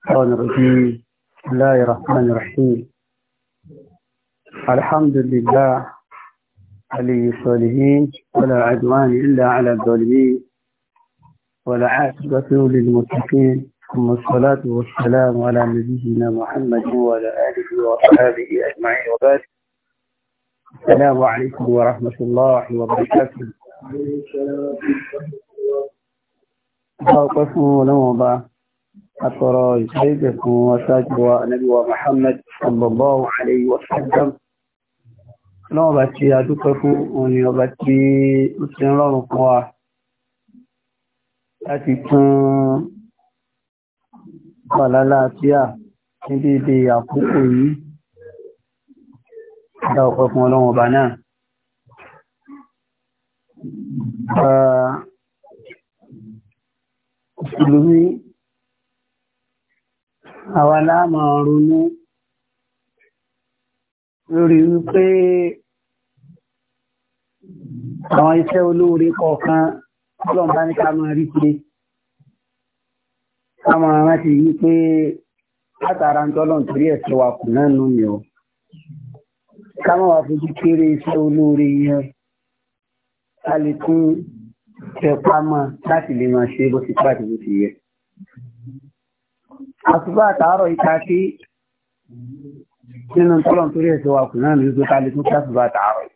الشيطان الرجيم بسم الله الرحمن الرحيم الحمد لله علي الصالحين ولا عدوان إلا على الظالمين ولا عاقبة للمتقين ثم الصلاة والسلام على نبينا محمد وعلى آله وصحبه أجمعين وبارك السلام عليكم ورحمة الله وبركاته. Báwo pẹ́ ورحمة الله وبركاته أترى يسعدكم وساجد نبي محمد صلى الله عليه وسلم náà bá ti adúpẹ́ fún òní ọba tí ó ti ń rọrùn fún wa láti tún wà lálàáfíà ní dédé àkókò yìí dá fún ọlọ́run ọba náà Ìlúmí àwa láàmà ronú lórí wípé àwọn iṣẹ́ olóore kọ̀ọ̀kan ọlọ́mbá ní ká máa rí pé ká máa rántí wípé látara ń tọ́lọ̀ nítorí ẹ̀sẹ̀ wa kù náà nù mí o ká máa wà fojú kéré iṣẹ́ olóore yẹn ká lè tún tẹpá mọ́ láti lè máa ṣe bó ti pàdé bó ti yẹ àtúbà àtàárọ̀ ìta kí nínú tọ́lọ̀ torí ẹ̀sẹ̀ wa kù náà ní gbé kalẹ̀ tó kásùbà àtàárọ̀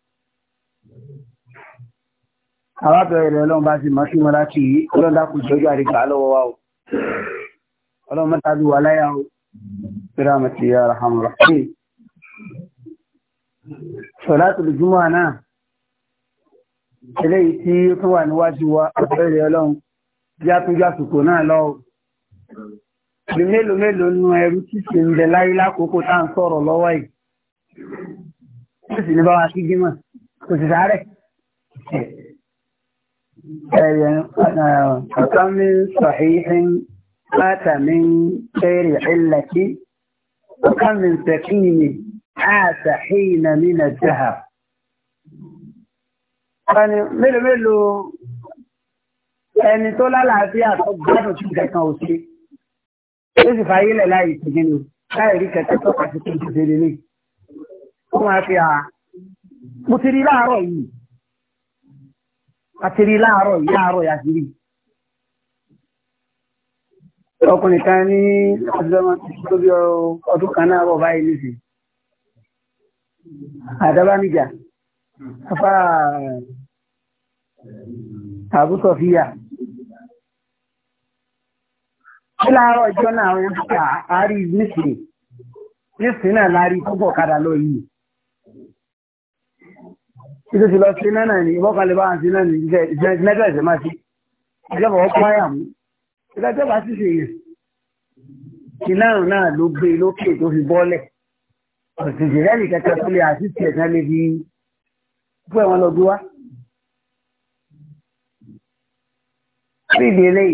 àwábẹ̀rẹ̀ rẹ̀ ọlọ́run bá ti mọ̀ sí mọ́lá kí ọlọ́run dákun jọjọ́ àríkà lọ́wọ́ wa o ọlọ́run mọ́ta bí wà láyà o fíramọ̀ ti yà rahamu rahim sọ̀látù lùjúmọ́ náà eléyìí tí ó tún wà níwájú wa àbẹ̀rẹ̀ ọlọ́run bí bí mélòó mélòó nu ẹrú tí sì ń bẹ láyé lákòókò tá à ń sọ̀rọ̀ lọ́wọ́ yìí ó sì ní bá wa sí gímọ̀ kò sì sáré. ọ̀kan mi sọ̀híhín láta mi ń fẹ́rẹ̀ ìlàkí ọ̀kan mi sẹ̀kíni àtàhínà mi nà jáhà. mélòó mélòó ẹni tó lálàáfíà tó gbádùn sí kankan ò ó sì fàyè lẹ̀ láì ìtìjú ni láì rí kẹ̀kẹ́ tó pàṣẹ tó ti fèrè ní. ó máa fi à mo ti rí láàárọ̀ yìí a ti rí láàárọ̀ yìí láàárọ̀ yìí a ti rí. ọkùnrin kan ní tóbi ọdún kan náà bọ̀ báyìí nísìnyí. àdábánijà afárá àbúsọ̀fíà. ndị láàárọ̀ ọjọ́ náà àwọn ẹ̀ka àárí nísìnyí nísìnyí náà lọ yi. títí ti lọ si náà náà ní ìbọ́kalẹ̀ bá ń sí náà ní iṣẹ́ ìṣẹ́ ìṣẹ́ máa sí ìjọba ọkọ̀ e fi bọ́lẹ̀ ọ̀sìn ìṣẹ̀lẹ̀ nìkẹ́kẹ́ tó lè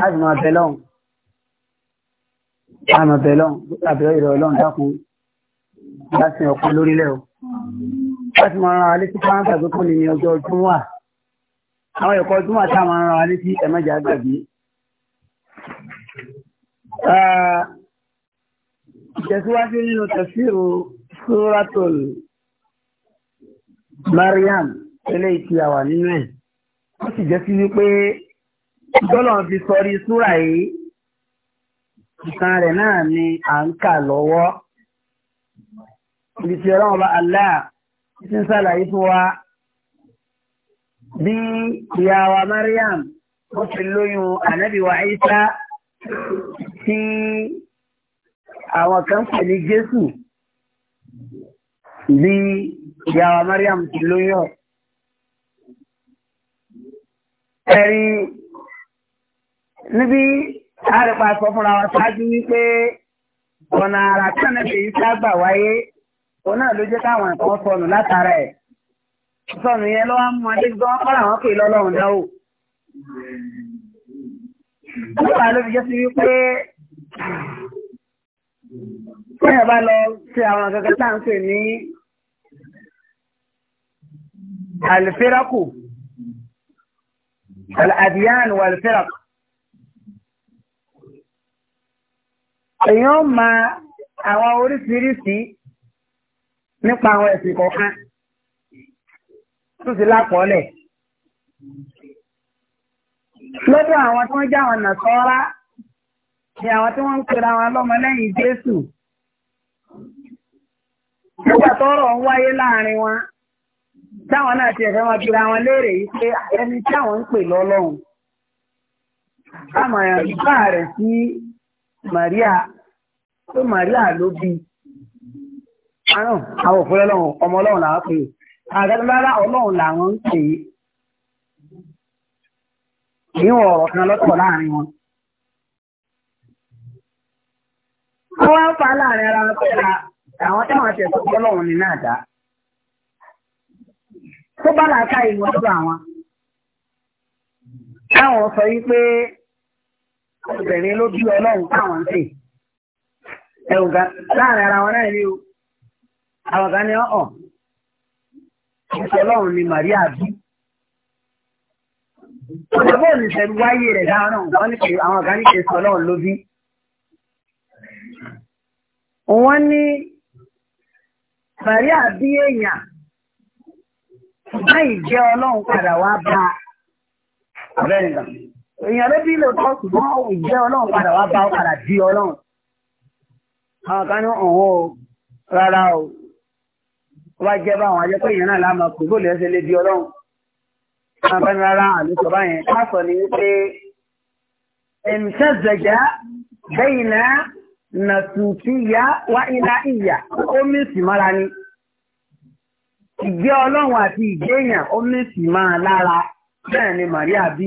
láti máa bẹ lọ́hùn láti máa bẹ lọ́hùn láti rọ ìrọ̀ ọlọ́run dákun láti ọ̀pọ̀ lórílẹ̀ o láti máa ran alé sí fáńtà tó kún ní ọjọ́ júmọ́ àwọn ẹ̀kọ́ júmọ́ tá a máa ran alé sí ẹ̀mẹ́jà gbàgbé. ìtẹ̀síwájú nínú tafsiru suratul Maryam eléyìí ti àwà nínú ẹ̀ ó sì jẹ́ sí wípé. Gbọ́dọ̀ fi sọrí súrà yìí. Ìkan rẹ̀ náà ni à ń kà lọ́wọ́. Ibi ọlọ́run ọba Allah ti ń ṣàlàyé fún wa bí ìyá wa Mariam ó ti lóyún ànábì wa Isa tí àwọn kan pè ní Jésù bí ìyá Mariam ti lóyún. Ẹ̀rín níbi àrẹ̀pà sọ fúnra wa ṣáájú wípé ọ̀nà àrà tánẹ̀tì yìí ká gbà wáyé òun náà ló jẹ́ káwọn ẹ̀kọ́ sọnù látara ẹ̀ sọnù yẹn lọ́wọ́ mú adé gbọ́ kọ́ra wọn kì í lọ́lọ́run dáwò. nígbà ló fi jẹ́ sí wípé bẹ́ẹ̀ bá lọ ṣe àwọn kankan tá à ń pè ní àlùfẹ́ràkù àdìyàn àlùfẹ́ràkù. èèyàn ma àwọn oríṣiríṣi nípa àwọn ẹ̀sìn kọ̀ọ̀kan tó sì lápọ̀ọ́lẹ̀. lọ́dọ̀ àwọn tí wọ́n jẹ́ àwọn nàṣọ́ra ni àwọn tí wọ́n ń pera wọn lọ́mọlẹ́yìn Jésù. nígbà tọ́rọ̀ wáyé láàrin wọn táwọn náà ti ẹ̀fẹ́ wọn wọn léèrè yìí pé ẹni tí àwọn ń pè Maria tó Maria ló bí àrùn àwọn òfin ọlọ́run ọmọ ọlọ́run làwọn pè é àgbàdàlára ọlọ́run làwọn ń pè é níwọ̀n ọ̀rọ̀ kan lọ́tọ̀ láàrin wọn. wọ́n wá ń fa láàrin ara wọn pẹ̀lú àwọn táwọn obìnrin ló bí ọlọ́run káwọn ṣe ẹ̀wùn kan láàrin ara wọn náà ni o àwọn kan ní ọ̀hún ọlọ́run ni Màríà bí ọ̀dọ̀ bóun ní sẹ́ni wáyé rẹ̀ dáhùn àwọn kan ní kí sọ ọlọ́run ló bí wọ́n ní Màríà bí èèyàn láì jẹ́ ọlọ́run padà wá bá abẹ́rẹ́ nǹkan èèyàn méjì lè kọ́ ṣùgbọ́n ìjẹ́ ọlọ́run padà wá bá padà di ọlọ́run àwọn kan ní ọ̀wọ́ rárá o ó bá jẹ́ báwọn ajẹ́ pé èèyàn náà láàmà kò bó lè ṣe lè di ọlọ́run àwọn kan ní rárá àlùsọ báyẹn káàsọ ni wípé ìmùsẹ́zẹ̀já bẹ́yìn náà nàtùkìyà wá ilá ìyà ó sì mára ni ìjẹ́ ọlọ́run àti ìjẹ́ èèyàn sì máa lára bẹ́ẹ̀ ni Màríà bí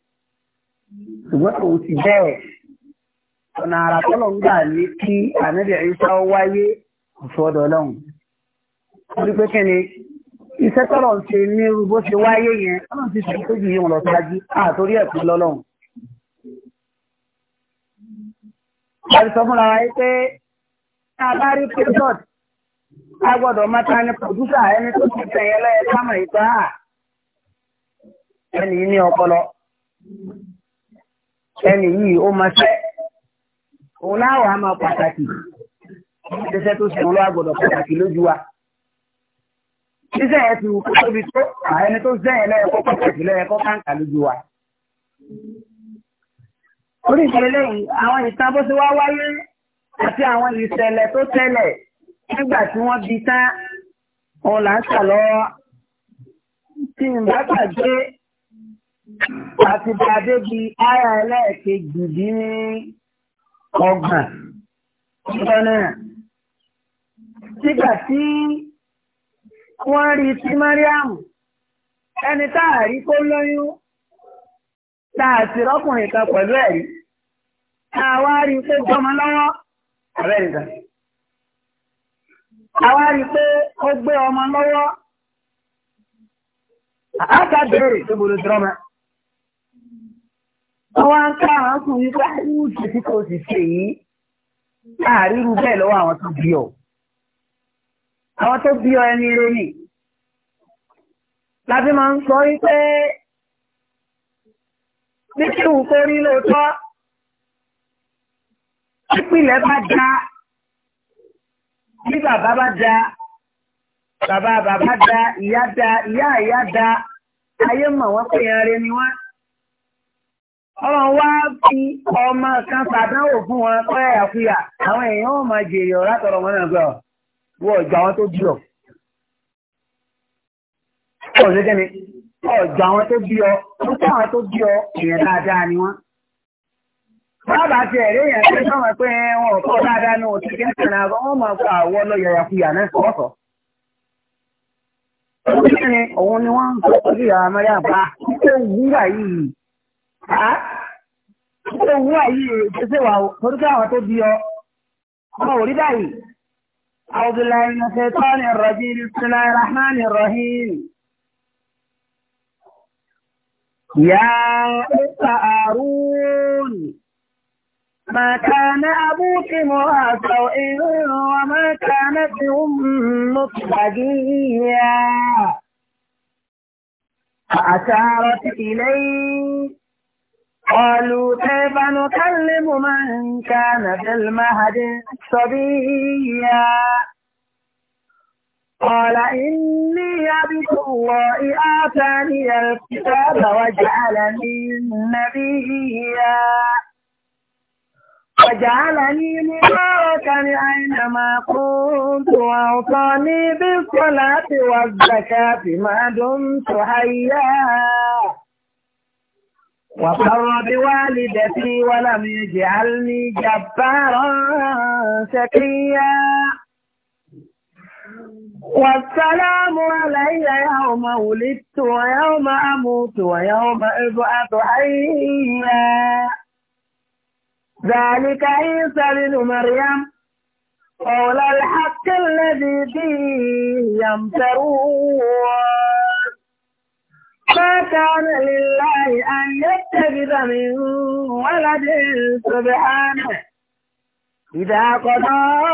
ṣùgbọ́n òun ti bẹ́ẹ̀ ọ̀nà àrà tọ́lọ̀ ń gbà ní kí ànábì Ìsá wáyé ọ̀fọ́dọ̀ ọlọ́run. Orí pé kí ni iṣẹ́ tọ́lọ̀ ń ṣe ní bó ṣe wáyé yẹn ọlọ́run ti ṣe tó yìí wọn lọ ṣáájú àtòrí ẹ̀kọ́ lọ́lọ́run. Àti fúnra wa pé tá bá rí pẹ́tọ́t a gbọ́dọ̀ máa ta ni pòdúsà ẹni tó ti tẹ̀yẹ lọ́yẹ ẹni yìí ó máa ṣe òun láwọ̀ á máa pàtàkì ṣiṣẹ́ tó ṣe òun lọ́wọ́ gbọ́dọ̀ pàtàkì lójú wa. ṣiṣẹ́ yẹn ti wù kó tóbi tó àẹni tó ṣiṣẹ́ yẹn lẹ́yẹ̀kọ́ pàtàkì lẹ́yẹ̀kọ́ káńkà lójú wa. orí ìṣẹ̀lẹ̀ lẹ́yìn àwọn ìtàn bó ṣe wá wáyé àti àwọn ìṣẹ̀lẹ̀ tó tẹ̀lẹ̀ nígbà tí wọ́n bi tán òun là ń ṣàlọ́ tí ìgbà pàdé àti bàdé bi ara ẹlẹ́ẹ̀kejì dín ní ọgbọ̀n nígbà náà. Nígbà tí wọ́n rí ti Máríàmù, ẹni táàrí kó lóyún, táà sì rọ́kùnrin kan pẹ̀lú ẹ̀rí, táà wá rí pé gbọ́mọ lọ́wọ́, àbẹ́ nìkan. Àwa rí pé ó gbé ọmọ lọ́wọ́, àá ká tó bolo tí rọ́mọ. Àwọn aká àwọn tún wí pé irú ìṣesí tó sì ṣe yìí àárírú bẹ́ẹ̀ lọ́wọ́ àwọn tó bí ọ. Àwọn tó bí ọ ẹni rẹ nì. Láti máa ń sọ wípé ní kí òun kó rí lóòótọ́ ìpìlẹ̀ bá da bí bàbá bá da bàbá bàbá da ìyá da ìyá ìyá da ayé mọ̀ wọ́n pé ẹran ni wọ́n ọlọ́run wá fi ọmọ kan ṣàdánwò fún wọn pẹ́ àfihà àwọn èèyàn ò máa jèrè ọ̀rá tọrọ wọn náà gbọ́ wọ ọjà wọn tó bí ọ. ọ̀sẹ̀ kẹ́ni ọjà wọn tó bí ọ púpọ̀ àwọn tó bí ọ èèyàn dáadáa ni wọ́n. bàbá ti ẹ̀rí èèyàn pé sọ́mọ pé wọn ò kọ́ dáadáa ní òtún kí nìkan náà wọ́n máa kọ́ àwọ̀ ọlọ́yàyàkuyà náà sọ́kọ̀. ọ̀sẹ̀ kẹ́ni òun ni wọ́n ṣé owó àyè أعوذ بالله من الشيطان الرجيم بسم الله الرحمن الرحيم يا هارون ما كان أبوك مراسا وما كانت أمك بغيا فأشارت إليه قالوا كيف نكلم من كان في المهد صبيا قال إني عبد الله آتاني الكتاب وجعلني نبيا وجعلني مباركا أينما كنت وأوصاني بالصلاة والزكاة ما دمت حيا وقر بوالدتي ولم يجعلني جبارا شقيا والسلام علي يوم ولدت ويوم أموت ويوم أبعث حيا ذلك عيسى بن مريم قول الحق الذي فيه يمترون ما كان لله أن يتخذ من ولد سبحانه إذا قضى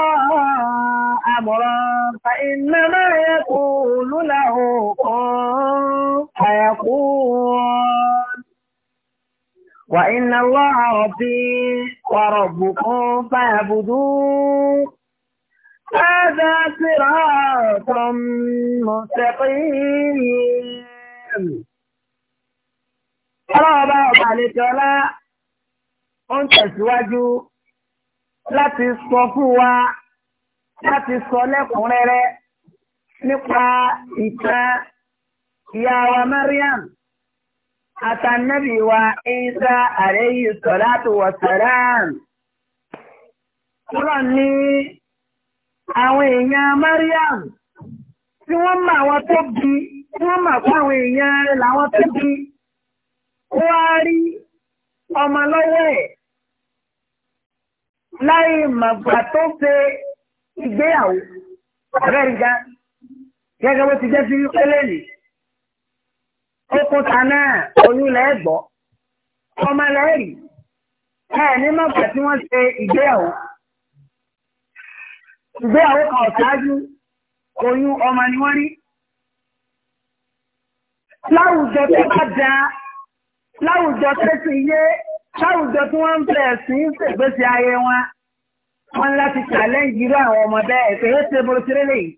أمرا فإنما يقول له كن فيكون وإن الله ربي وربكم فاعبدوه هذا صراط مستقيم Ọlọ́ọ̀bá ọba àlejò ọlá ó ń tẹ̀síwájú láti sọ fún wa láti sọ lẹ́kùnrẹ́rẹ́ nípa ìtàn ìyá Mariam àtànẹ́bì wa Isa alayhi salatu wa salam. Ọlọ́run ní àwọn èèyàn Mariam tí wọ́n mọ àwọn tó bí wọ́n mà fáwọn èèyàn làwọn tó bí ó wá rí ọmọ lọ́wọ́ ẹ̀ láì màgbà tó ṣe ìgbéyàwó abẹ́rìndá gẹ́gẹ́ bó ti jẹ́ sí wípé lẹ́nu òkúta náà oyún lẹ́gbọ́ ọmọ lẹ́rìí ẹ̀ ní màgbà tí wọ́n ṣe ìgbéyàwó ìgbéyàwó kan ọ̀ṣáájú oyún ọmọ ni wọ́n rí láwùjọ tó bá da láwùjọ tó ti yé láwùjọ tí wọ́n ń bẹ̀ sí ń ṣègbésí ayé wọn wọn láti challenge irú àwọn ọmọ bẹ́ẹ̀ ẹ̀sẹ̀ yóò ṣe bolo tirẹ̀ lẹ́yìn.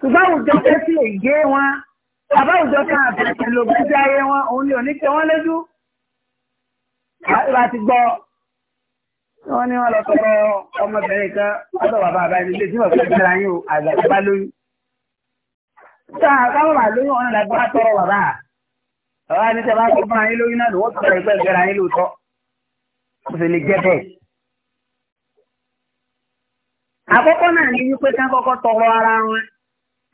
ṣùgbọ́n àwùjọ tó ti lè yé wọn bàbá àwùjọ kan àbẹ̀tẹ̀ ló gbésí ayé wọn òun ni òní tẹ wọ́n lójú. láti gbọ́ wọ́n ní wọ́n lọ sọ́dọ̀ ọmọbìnrin kan ọ̀dọ̀ bàbá àbáyé nílé tí wọ́n fi ń tẹ̀lé ayé àgbàdo bá lóyún káwọn bá lóyún ọ̀nà làgbà tọrọ bàbá bàbá ní sábà kó fún ayé lóyún náà lówó tọrọ ìpẹ́ ìgbẹ́ra ayé lóòótọ́ kò sì lè jẹ́ bẹ́ẹ̀. àkọ́kọ́ náà ní wípé ká kọ́kọ́ tọrọ ara wọn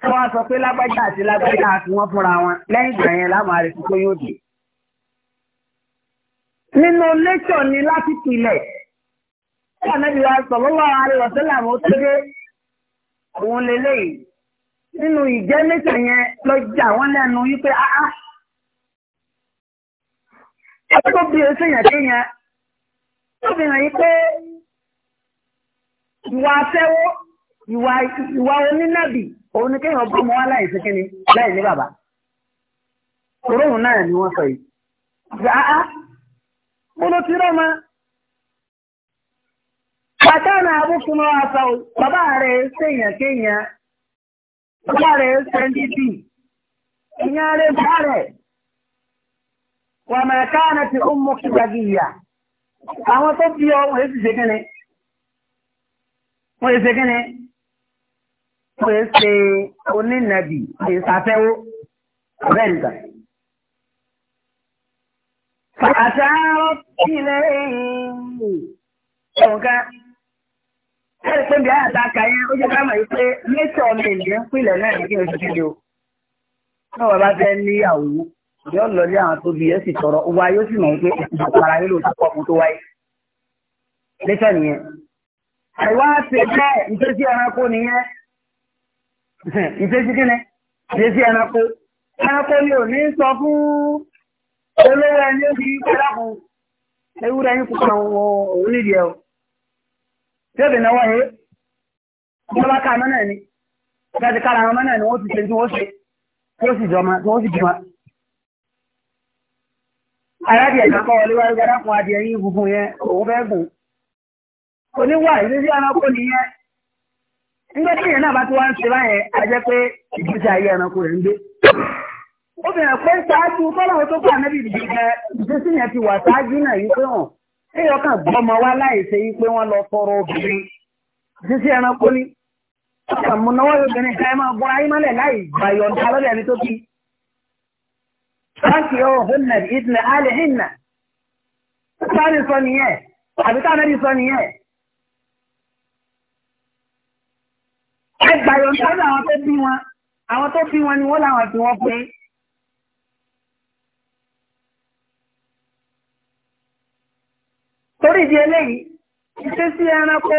tí wọ́n sọ pé lágbájá àti lágbájá àti wọ́n fúnra wọn lẹ́yìn ìgbà yẹn láwọn àrètí tó yóò dé. nínú lẹ́tọ̀ ni láti pilẹ̀ tí ànábìyà sọ̀rọ̀ wà á lọ sílẹ̀ àwọn tó dé òun lélẹ́yìí. nínú ìjẹ́ mẹ́ta yẹn lọ jà wọ́n lẹ́nu pé áá ọjọ́ tó bí oṣù yẹn dé yẹn tó fi hàn yí pé ìwà afẹ́wọ́ ìwà ìwà onínàbì òun ni kéèyàn bọ́ ọmọ wá láì sí kíni láì ní bàbá náà ni wọ́n sọ yìí áá ah, ah. mo ti rọ́ ma bàbá rẹ̀ ṣèyàn bá rẹ̀ sẹ́ńdídì ìyẹn rẹ̀ bá rẹ̀ wà máa káàna ti ó mọ́ kí gbagi ìyà àwọn tó bí ọ wọ́n èsì ṣekínni wọ́n èsì ṣekínni wọ́n èsì onínàbì ìsàfẹ́wó ọ̀bẹ́ǹkà àtàrọ̀ sílẹ̀ ẹ̀yìn ọ̀gá ẹ̀rí pé bí àtàkà yẹn ó jẹ́ ká mọ̀ pé mẹ́tọ̀ ọmọ ènìyàn pìlẹ̀ náà ní kí n ṣe kí o. náà wọ́n bá fẹ́ ní àwòrán yóò lọ sí àwọn tóbi yóò sì tọrọ wa yóò sì mọ̀ pé ìdàpọ̀ ara yóò lò tó pọ̀ fún tó wáyé. lẹ́tọ̀ nìyẹn. àìwá ṣe bẹ́ẹ̀ ìtẹ́sí ẹranko nìyẹn. ìtẹ́sí kíni ìtẹ́sí ẹranko. ẹranko ni ò ní sọ fún olówó ẹni ó fi kọ́ tí ó fi náwó yé wọ́n bá ká ọmọ náà ni ọ̀gá ti kára náà ni wọ́n ti ṣe tí wọ́n ṣe tí ó sì jọmọ tí wọ́n sì jọmọ. arábìyà kan kọ́ wọlé wáyé gbọ́dá fún adìẹ yín yẹn òun fẹ́ gùn. oníwà ìrísí ẹranko nígbà tí ìyẹn náà bá ti wá ń ṣe báyẹn a jẹ́ pé ìgbésí ayé ẹranko rẹ̀ ń gbé. obìnrin pé ṣáájú èèyàn kàn gbọ́ ọmọ wa láìsí yí pé lọ tọrọ obìnrin sísí ẹranko ni àmúnáwó obìnrin ká ẹ máa bọ́ ayé mọ́lẹ̀ láì gbàyọ̀ǹda lọ́dẹ̀ ẹni tó kí. láti ọ̀hún hùnà ìdílé alẹ́ hìnà sáré sọ nìyẹn àbí sọ nìyẹn. ẹ àwọn tó bí wọn àwọn tó bí wọn ni wọn torí ìdí eléyìí ṣe sí ẹranko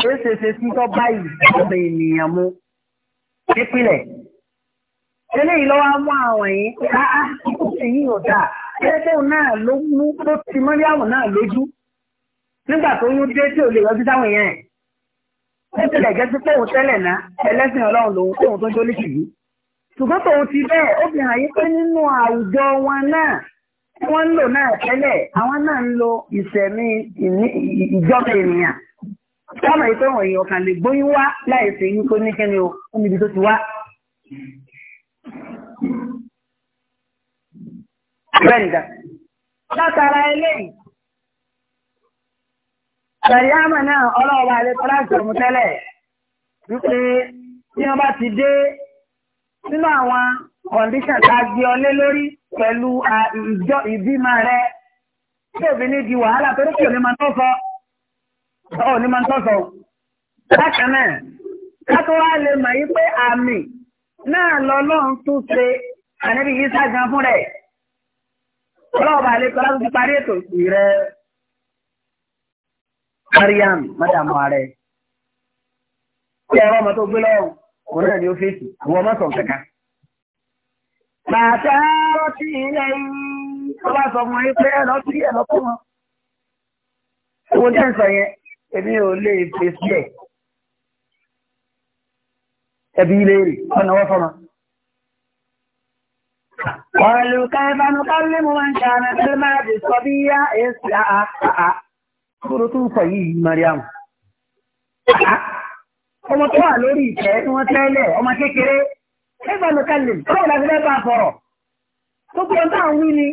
ṣeéṣeṣe sí báyìí ọba ènìyàn mu nípìnlẹ̀ eléyìí lọ́wọ́ mú àwọn ah, ah, yìí áá èyí ò dáa náà ló mú tó ti mọ́ náà lójú nígbà tó dé tí ò lè yọjú tẹ́lẹ̀ ẹlẹ́sìn ọlọ́run lòun tóun tó kìí ṣùgbọ́n ti bẹ́ẹ̀ ó tí wọ́n ń lò náà tẹ́lẹ̀ àwọn náà ń lo ìṣẹ̀mí ìjọba ènìyàn sábà yìí pé wọ̀nyí ọ̀kan lè gbóyún wá láì sí ní kó ní o ó níbi tó ti wá. Bẹ́ẹ̀nìdà látara eléyìí Sàyámà náà ọlọ́ọ̀wà àlẹ́kọ́lá ìjọ̀mú tẹ́lẹ̀ wípé bí wọ́n bá ti dé nínú àwọn condition tá a gbé ọ lé lórí pẹ̀lú ìjọ ìbímọ rẹ tí obìnrin di wàhálà torí kò ní máa tó sọ ọ ní máa tó sọ bákan náà kátó wá lè mọ̀ yí pé àmì náà lọ́lọ́run tún ṣe ànábì yìí ságan fún rẹ̀ ọlọ́ọ̀bà àlekọ́ láti fi parí ètò sí rẹ̀ mariam mádàmú ààrẹ tí ẹ̀rọ ọmọ tó gbé lọ́wọ́ òun náà ní ọ́fíìsì àwọn ọmọ sọ̀rọ̀ Bàtà rọ́tí ilẹ̀ yìí, ó bá sọ fún ẹgbẹ́ ẹ̀rọ́tí ẹ̀rọ́tí wọn. Owó jẹ́ ìsọ yẹn, èmi ò lè fè sílẹ̀. Ẹbí ilé rẹ̀, ọ̀nà wọ́n fọ́mọ. Ọ̀lù mú máa sọ bí yá èsì àá. Kúrò tó sọ yìí, Mariam. Ọmọ tó wà lórí ẹgbẹ́ mi kẹ́lì ọlọ́run láti lẹ́bà fọ̀rọ̀ tó kí ọjọ́ àwọn wí ni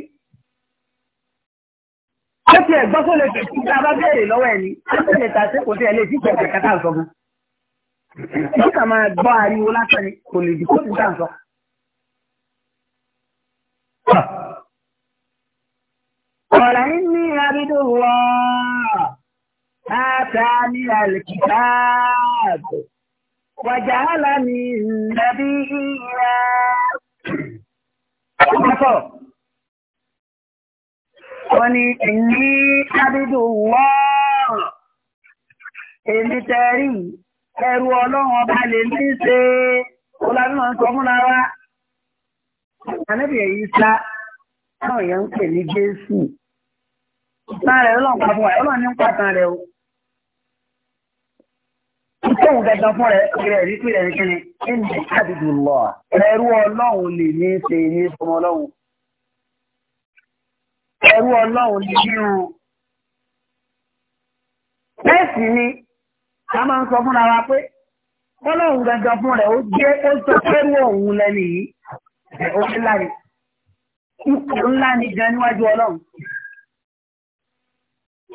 ó ti ẹ̀gbọ́ tó lè tẹ̀sí tí a bá béèrè lọ́wọ́ ẹni ó ti lè tàṣí kò sí ẹlẹ́sì ìjọba ìkàtà ń sọ fún ó kà máa gbọ́ ariwo lásán ni kò lè dìbò tí ká ń sọ. ọ̀rọ̀ yìí ní abidó wọ́ọ́ látà ní àlìkìtà wàjàhálàní nàbí ìyá. Ọ̀pọ̀ wọ́n ni èyí ábídù wọ́ọ̀rọ̀. Èmi tẹ̀rí ẹrù ọlọ́run ọba lè ní ṣe olárúnà sọ múra wá. Ànábì èyí sá náà yẹn ń pè ní Jésù. Ìtàn rẹ̀ ọlọ́run pa fún wa, ọlọ́run ní ń pàtàn rẹ̀ o. Ìtẹ́wù dandan fún rẹ̀ rẹ̀ rí pé ẹ̀rín kíni, ẹni àdìdì lọ, ẹrú ọlọ́run lè ní ṣe ní ọmọ ọlọ́run. Ẹrú ọlọ́run lè ní o. Bẹ́ẹ̀ sì ni, a máa ń sọ fún ara pé, ọlọ́run dandan fún rẹ̀ ó jẹ́ ó sọ pẹ́rú òun lẹ́nu yìí, ó fi láre. Ipò ńlá ni gan níwájú ọlọ́run.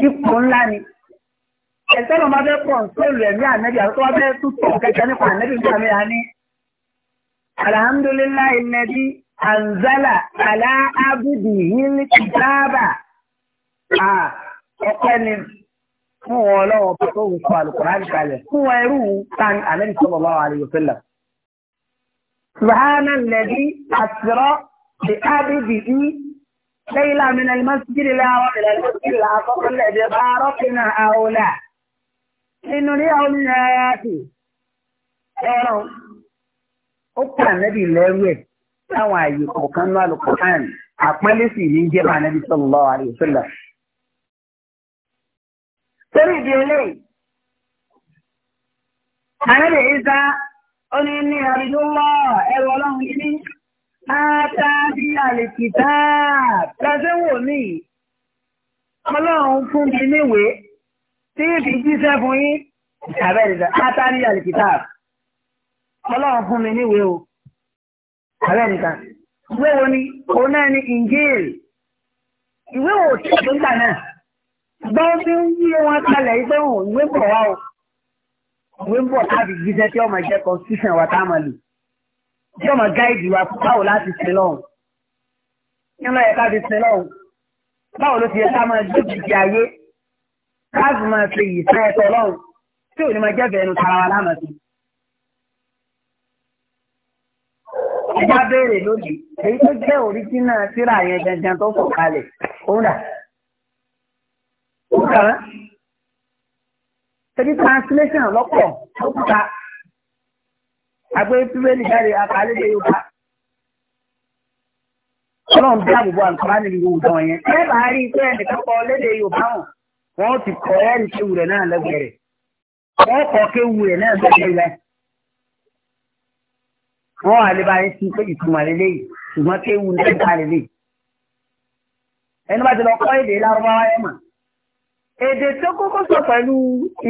Ipò ńlá ni ẹ̀sẹ̀ náà máa fẹ́ kọ̀ǹtẹ́lù ẹ̀mí ànẹ́bí àti tó wá fẹ́ tútù kẹ̀kẹ́ nípa ànẹ́bí nípa mi àní. alhamdulillahi alladhi anzala ala abdihi al-kitaba ọpẹ́ ni fún wọn lọ́wọ́ pàtó òun sọ àlùkùránì kalẹ̀ fún wọn irú tan ànẹ́bí sallallahu alaihi wasallam. subhana alladhi asra bi abdihi layla min al-masjid al-haram ila al-masjid al-aqsa alladhi barakna nínú ní àwọn onírin ara ti ẹ̀rọ ó pa ànábì lẹ́rú ẹ̀ láwọn àyè kọ̀ọ̀kan ní Al-Qur'an àpẹẹlẹ sì ní jẹ́ bá ànábì sallallahu alaihi wasallam. torí ìdí eléyìí ànábì Ìsá ó ní ní àbídúlọ́ ẹ̀rọ ọlọ́run ní átàbí àlèkìtà tàṣẹ́wò ní ọlọ́run fún mi níwèé tí yìí fi jíṣẹ́ fún yín àbẹ́rẹ̀dà átàrí àlìkìtà ọlọ́run fún mi níwèé o àbẹ́rẹ̀dà ìwé wo ni òun náà ni Injil ìwé wo tí ó gbà náà gbọ́n bí ń yí wọn kalẹ̀ yìí pé òun ìwé bọ̀ wá o ìwé ń bọ̀ káàdì jíṣẹ́ tí ọmọ jẹ́ constitution wa tá a máa lò tí ọmọ gáìdì wa fún báwo láti sin lọ́hùn nínú ẹ̀ka ti sin lọ́hùn báwo ló ti yẹ ká máa gbé jìjì ayé láti máa ṣe ìfẹ́ ẹ̀tọ́ ọlọ́run tí ò ní máa jẹ́bẹ̀ẹ́ ẹnu tara wa lánàá sí. Ìjà béèrè lónìí, èyí tó jẹ́ òríjínà síra yẹn gangan tó sọ̀ kalẹ̀, òun dà. Ó kàn án. Ṣèbí translation lọ́pọ̀ lókùúta. Àgbé Bíbélì jáde àkàlẹ́ lè yóò bá. Ọlọ́run bí àbùbọ̀ àǹkọ́rá nílùú Yorùbá yẹn. Ẹ bá rí pé ẹnìkan kọ lédè Yorùbá hàn wọ́n ti kọ́ ẹ́rì kéwù rẹ̀ náà lẹ́gbẹ̀ẹ́ rẹ̀ wọ́n kọ́ kéwù rẹ̀ náà lẹ́gbẹ̀ẹ́ rẹ̀ wọ́n àlebà yẹn ti pé ìtumọ̀ lélẹ́yìí ṣùgbọ́n kéwù náà ká lélẹ́yìí ẹni bá ti lọ kọ́ èdè lárúbáwá yẹn mọ̀ èdè tó kókó sọ pẹ̀lú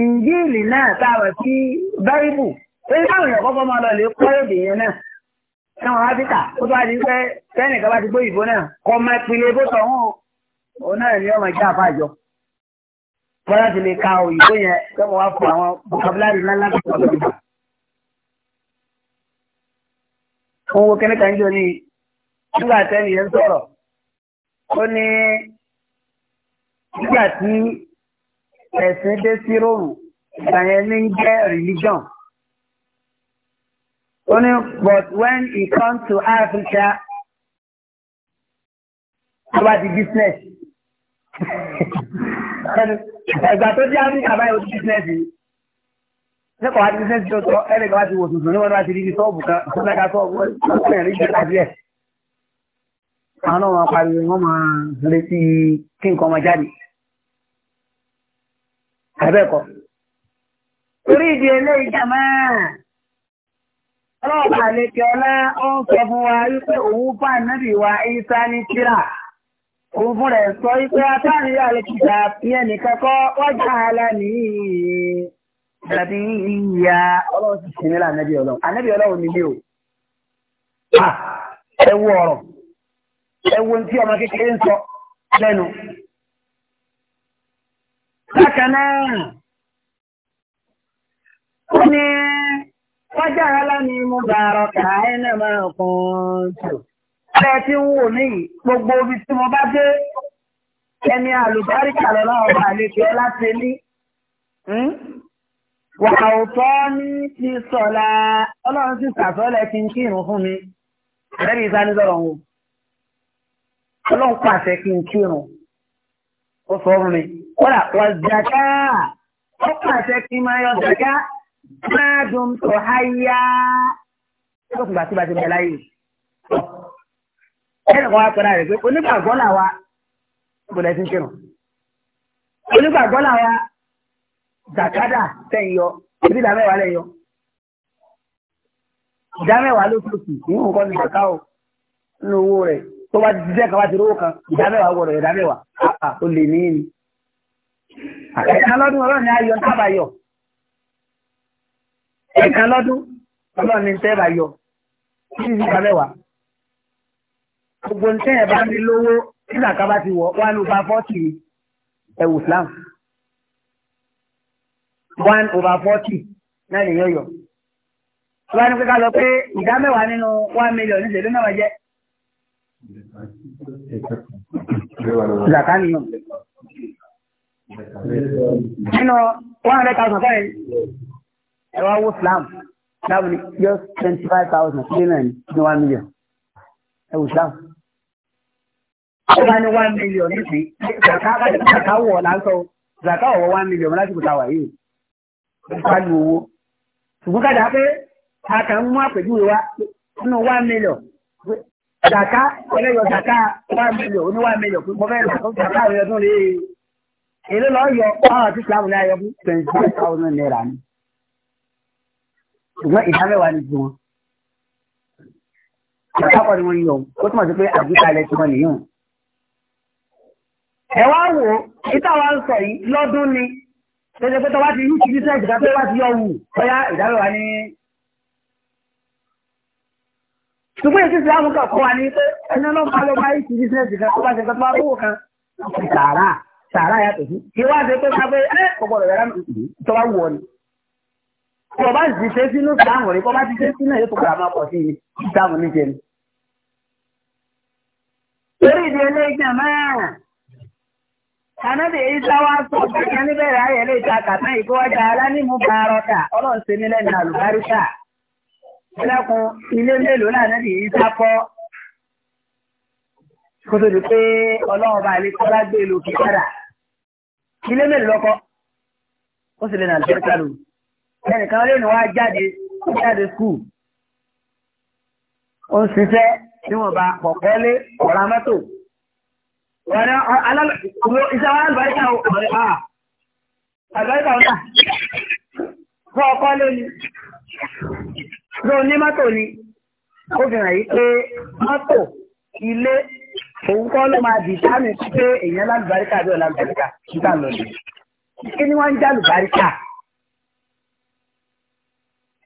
ìnjíìlì náà táwọn sí báíbù èyí táwọn èèyàn kọ́kọ́ máa lọ lè kọ́ èdè yẹn náà táwọn áfíríkà ó tó wá di pé tẹ́nìkan bá ti gbé ìbò náà kọ́ máa pilẹ̀ bó sọ wọn ò náà ni ọmọ ìjà àbájọ wọ́n láti lè ka òyìnbó yẹn pé wọ́n wá fún àwọn vocabulary ńlá ńlá tó tọ̀tọ̀ nípa. Wọ́n wo kẹ́nìkà ń jò ní nígbà tẹ́lẹ̀ yẹn sọ̀rọ̀. Ó ní nígbà tí ẹ̀sìn dé sí Róòmù, ìgbà yẹn ní jẹ́ religion. Ó ní but when he come to Africa, ó bá di business. ẹgbà tó jẹ́ áfíríkà báyìí ó ti bísínẹ́sì nípa wá ti bísínẹ́sì tó tọ́ ẹ̀rẹ̀ kan wá ti wò tuntun níwọ̀n wá ti rí ibi sọ́ọ̀bù kan tó lẹ́ka sọ́ọ̀bù ọ̀pẹ̀ rí jẹ́ láti ẹ̀. àwọn náà wọn pariwo wọn máa retí kí nǹkan ọmọ jáde. àbẹ́ẹ̀kọ́ torí ìdí eléyìí jàmá ọlọ́ọ̀bà lè kẹ́ ọlá ó ń sọ fún wa wípé òun fà nábì wa ìsá Òfin rẹ̀ sọ pé Atáàrí Àlekìtà fi ẹnì kẹ́kọ́ wájà aláàní ìgbàdí ìyá ọlọ́run ti sinmi lá ànábì ọlọ́run. Ànábì ọlọ́run ni o. Ẹ wo ọ̀rọ̀. Ẹ wo tí ọmọ kékeré ń sọ lẹ́nu. Bákan náà, ó ní wájà aláàní mú bàárọ̀ kàá ẹ̀ náà máa kún un tó. Ẹ̀rẹ́ tí ń wò ní gbogbo omi tí mo bá dé ẹni àlùbáríkà lọ́la ọba àlejò ẹ láti ní. Hmm? Wà òótọ́ ní ti sọ̀la ọlọ́run sì sàtọ́lẹ̀ kí n kírun fún mi. Ẹ̀rẹ́ ìta ní sọ̀rọ̀ wò. Ọlọ́run pàṣẹ kí n kírun. Ó sọ fún mi. Kódà wà jàkà. Ó pàṣẹ kí n máa yọ jàkà. Máa dùn tó háyà. Ó sì gbàtí bàtí bàtí láyé ẹnì kan wá pẹ̀lú àrẹ̀ pé onígbàgbọ́ làwa kò lẹ́sìn kírun onígbàgbọ́ làwa zakada tẹ̀yìn yọ ebi ìdá mẹ́wàá lẹ́yìn yọ ìdá mẹ́wàá ló fòkì ìwọ̀n nǹkan ní kàkà ò nínú owó rẹ̀ tó bá ti dídẹ́ kan bá ti rówó kan ìdá mẹ́wàá wọ̀rọ̀ ìdá mẹ́wàá àpà ó lè ní ní. ẹ̀ka lọ́dún ọlọ́run ni ayọ̀ tábà yọ ẹ̀ka lọ́dún ọlọ́run ni tẹ́bà yọ kí ni ìdá mẹ́wàá gbogbo ní sẹ́yìn bá ní lówó nígbà ká bá ti wọ̀ wá ní over forty ẹ̀wù Islam one over forty náà lè yọ̀yọ̀ tó bá ní pé ká lọ pé ìdá mẹ́wàá nínú one million ní ìṣèlú mẹ́wàá jẹ́ zaka nìyàn nínú one hundred thousand fẹ́rẹ̀ ẹ̀rọ owó Islam dábìlì just twenty five thousand three nine ní one million ẹ̀wù Islam ọba ní one million níbi zaka wọ̀ láńsọ zaka ọ̀wọ̀ one million lásìkò táwà yìí ìpanu owó ṣùgbọ́n kájà pé a kàn ń mú àpèjúwe wa nínú one million zaka ẹlẹ́yọ zaka one million oní one million pé bọ́fẹ́ zaka rẹ̀ tún lè èlé lọ́ọ́ yọ ọ́n àti islam ní ayọ́ fún twenty five thousand naira ni ṣùgbọ́n ìdámẹ́wàá ni tiwọn. Zaka kọ́ ni wọ́n yọ ó túmọ̀ sí pé àgbékalẹ̀ tiwọn nìyẹn ẹ wò ó ń sọ yìí lọ́dún ni tó ṣe pé tó ti yí kìí sẹ́ǹtì ká tó ti yọ wù bóyá ìdámẹ́wàá ní. ṣùgbọ́n èsì ìsìlá mú kọ̀ọ̀kan wa ní pé ẹni ọlọ́pàá ló bá yí kìí sẹ́ǹtì ká tó bá ṣe kan sàárà sàárà yàtọ̀ sí kí wá ṣe pé káfẹ́ ẹ kọ̀kọ̀ rẹ̀ rẹ̀ tó wù ọ ni. tó bá ti ṣe sínú sáàmù rẹ̀ tó bá ti ṣe sínú èyí tó kọ̀ àmọ́ pọ̀ sí i sáàmù níjẹ ni. ìdí eléyìí náà Anábì Isa wá sọ kẹ́kẹ́ níbẹ̀rẹ̀ ayẹ̀ lè ta kàtán ìkówájà alánímú bàárọ̀tà ọlọ́run ṣe nílẹ̀ ní àlùbáríkà. Ẹlẹ́kun ilé mélòó lànàbì Isa kọ́. Kó tó di pé ọlọ́run bá lè kọ́lá gbé lòkè padà. Ilé mélòó lọ́kọ́. Ó sì lè nà àlùbáríkà lò. Ẹnìkan lè nù wá jáde jáde skul. Ó ń ṣiṣẹ́ níwọ̀nba pọ̀pọ́lé ọ̀rá mọ́tò wani alal isa wani albarka wani a albarka wani fún ọkọ lónìí ló ní mọ́tò ni ó fi hàn yí pé mọ́tò ilé òun kọ́ ló máa dì sáàmì pé èèyàn lálùbáríkà bí ọ̀làlùbáríkà nígbà lónìí kí ni wọ́n ń já lùbáríkà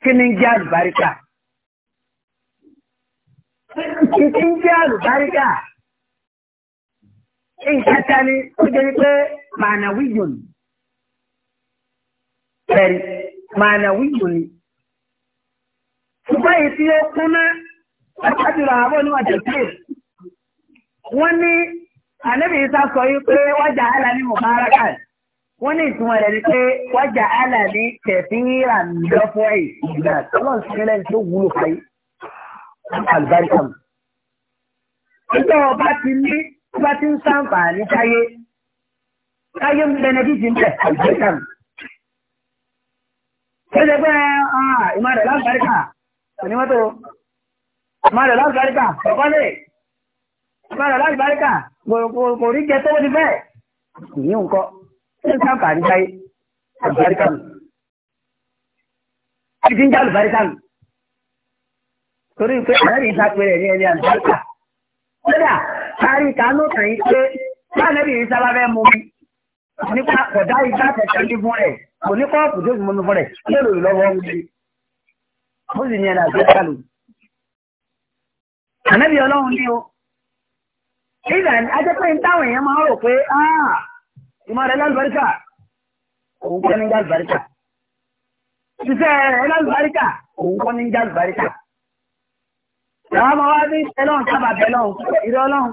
kí ni ń já lùbáríkà kí ni ń já lùbáríkà nǹkan ta ni ó jẹ́ wípé mànàwíyò ni ẹ̀rí mànàwíyò ni. ṣùgbọ́n èyí tí ó kún ná látàdúrà àbọ̀ ní ọ̀dẹ̀ pé wọ́n ní ànábì Ìsá sọ wípé wájà àlà ní mubaraka wọ́n ní ìtumọ̀ rẹ̀ ni pé wájà àlà ní kẹfìrà lọ́fọ́ ẹ̀ ìgbà tọ́lọ́ sí tó wúlò fún ẹ̀ àlùbáríkà. Ìjọba ti ní tó bá ti ń sàǹfààní káyé káyé ń bẹ̀rẹ̀ díjì ń bẹ̀ àìsàn. Ṣé pé ìmọ̀ rẹ̀ òní mọ́tò ìmọ̀ rẹ̀ lásìkàríkà ọ̀kọ́ lè kò rí jẹ tó ti bẹ́ẹ̀. Ìyí nǹkọ́ ṣé ń sàǹfààní káyé àìsàríkà mi. Ìdí ń jẹ́ àlùbáríkà mi. Torí pé àárẹ̀ ìta ní ẹni àlùbáríkà. Kódà kárí ìkàánú kàn yí pé báyìí yìí sábà fẹ́ mú mi nípa kọ̀dá ìgbà kẹ̀kẹ́ ní fún rẹ̀ kò ní kọ́ọ̀pù tó sì mú mi fún rẹ̀ kí èrò ìlọ́wọ́ ń gbé ó sì ní ẹ̀dà tó kálù. ànábì ọlọ́run ní o ìgbà ajẹ́pẹ́ ń táwọn èèyàn máa ń rò pé ah, ìmọ̀ rẹ̀ lálùbáríkà òun kọ́ ní lálùbáríkà ṣiṣẹ́ rẹ̀ lálùbáríkà òun kọ́ ní lálùbáríkà. làwọn ọmọ wa bí ẹlọ́run sábà bẹ̀ lọ́run ìrẹ́ ọlọ́run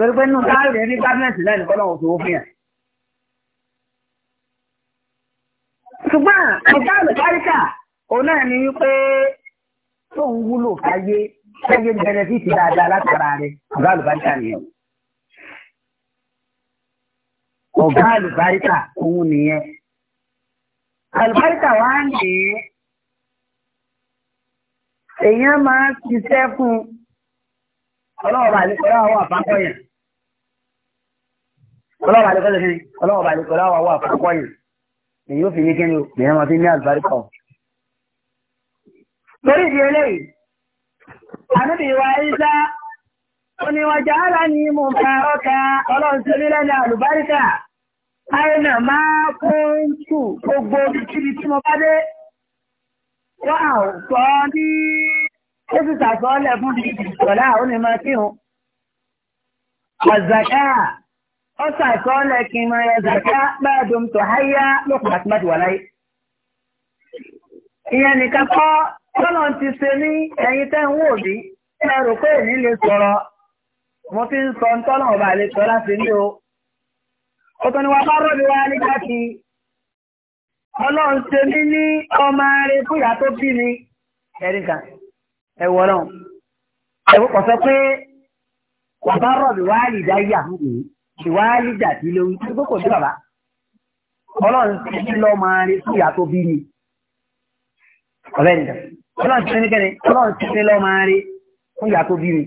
torí pé nínú táàrí ní gábínẹ̀tì lẹ́nu kọ́ lọ́wọ́ òṣòwò fún yàn. ṣùgbọ́n ọ̀gá àlùbáríkà òun náà ni wípé tóun wúlò fáyé fáyé bẹnẹfíìtì dáadáa látara rẹ ọ̀gá àlùbáríkà nìyẹn. ọ̀gá àlùbáríkà òun nìyẹn. àlùbáríkà wá ní èèyàn máa ń ṣiṣẹ́ fún ọlọ́run àlùkò àwọn àbábọ̀yàn ọlọ́wọ́ bá lẹ́kọ́ lẹ́kọ́ ọlọ́wọ́ bá lẹ́kọ́ láwọ̀ wà fún ọkọ̀ yìí èyí ó fi ní kíni èèyàn máa fi ní àlùbáríkà ọ̀. torí ìdí eléyìí àdúgbò ìwà ìṣá oníwájà ara ni mo ń ka ọkà ọlọ́run tó nílẹ̀ ní àlùbáríkà àìnà máa kún tù gbogbo ibi tí mo bá dé wà ó ní jésù sàkọọ́lẹ̀ fún ìdìbò ìṣọ̀lá ó ní máa ọ̀sà ìkọ́lẹ̀ kí n máa yọ zàkà báàdùn tó háyá lókùn àti bàtì wà láyé. ìyẹn nìkan kọ́ tọ́lọ̀ ti ṣe ní ẹ̀yin tẹ́ ń wò bí ẹ rò pé èmi lè sọ̀rọ̀ mo ti ń sọ tọ́lọ̀ ọba lè sọ láti ní o. ó tún wàá bá rọ́ọ̀lù wa nígbà tí ọlọ́run ṣe mí ní ọmọ rẹ fúyà tó bí mi. ẹ̀rí kan ẹ̀wọ̀ náà ẹ̀wọ̀ kọ̀ sọ pé wàá bá rọ́ọ̀lù wa lè dá yà ìwádìí dàbí lórí tí kò sí bàbá ọlọ́run ti ní lọ́ máa rí sí ìyá tó bí ni ọ̀rẹ́ nìkan ọlọ́run ti ní kẹ́ni ọlọ́run ti ní lọ́ máa rí fún ìyá tó bí ni.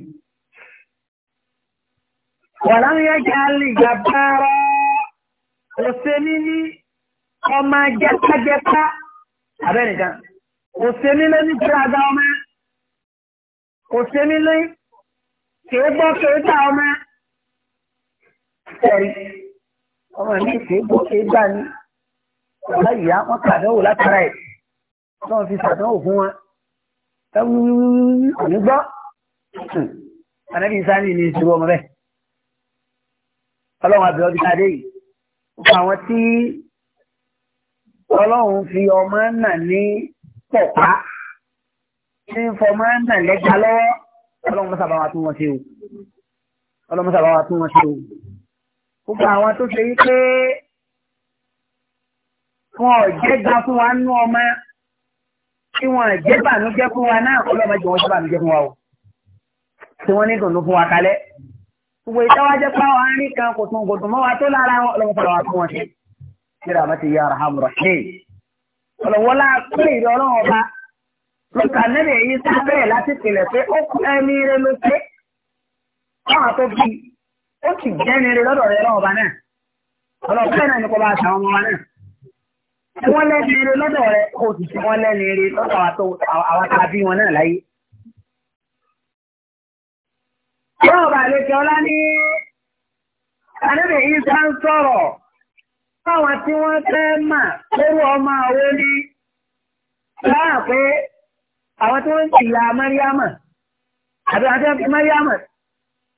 wàhálà ń yẹ kí a lè gbà báárọ̀ òṣè mi ní ọmọ jẹ́kájẹ́ká abẹ́ nìkan òṣè mi ló ní tírága ọmọ òṣè mi ló kéé gbọ́ kéé gbà ọmọ ẹ̀rí ọmọ mi ṣe é gbókè gbà ọ̀la ìyá wọn kàdánwò látara ẹ̀ wọn fi ṣàdánwò fún wọn táwọn wíwíwíwí kò ní gbọ́ ànábì sáni ní ìṣòro ọmọ bẹ́ẹ̀ ọlọ́run àbẹ̀ ọdún adé yìí fún àwọn tí ọlọ́run fi ọmọ nà ní pọ̀pá tí ń fọmọ nà lẹ́gbàá lọ́wọ́ ọlọ́run mọ́sàbáwá tún wọn ṣe o ọlọ́run mọ́sàbáwá tún wọn ṣe o gbogbo àwọn tó ṣe yí pé wọn ò jẹ́ gbà fún wa nú ọmọ tí wọn ò jẹ́ bànújẹ́ fún wa náà ọlọ́mọ jẹ́ wọn jẹ́ bànújẹ́ fún wa o tí wọ́n ní dùnú fún wa kalẹ̀ gbogbo ìtawájẹ́ pa wọn rí kan kò tún kò tún mọ́ wa tó lára wọn ọlọ́mọ fara wa fún wọn ṣe kíra àbátí ya arahamu rahim ọlọ́wọ́lá pé ìrẹ́ ọlọ́wọ́ bá lóka nẹ́bẹ̀ẹ́ sábẹ́ẹ̀ láti pèlẹ̀ ó sì jẹ́ni lọ́dọ̀ rẹ̀ lọ́ọ̀bá náà ọlọ́pẹ́ náà ní kó bá ṣàwọn ọmọ wa náà tí wọ́n lẹ́ni eré lọ́dọ̀ rẹ̀ kó sì tí wọ́n lẹ́ni eré lọ́dọ̀ àwọn tá a bí wọn náà láyé. lọ́ọ̀bà àlejò ọlá ní adébẹ̀yìn sá ń sọ̀rọ̀ fáwọn tí wọ́n fẹ́ mà lórí ọmọ àwọn ní láà àwọn tí wọ́n ń tìyà mẹ́ríàmà àbí àti mẹ́ríàmà